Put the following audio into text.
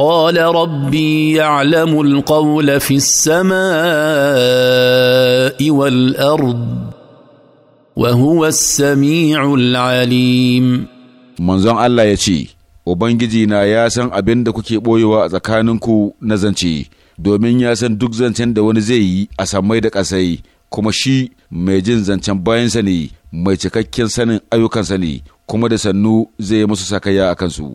قال ربي يعلم القول في السماء والارض وهو السميع العليم منزon Allah ya ce na ya san abin da kuke ɓoyewa a tsakaninku na zance domin ya san duk zancen da wani zai yi a samai da ƙasai kuma shi mai jin zancen bayansa ne mai cikakken sanin ayyukansa ne kuma da sannu zai yi musu sakaya a kansu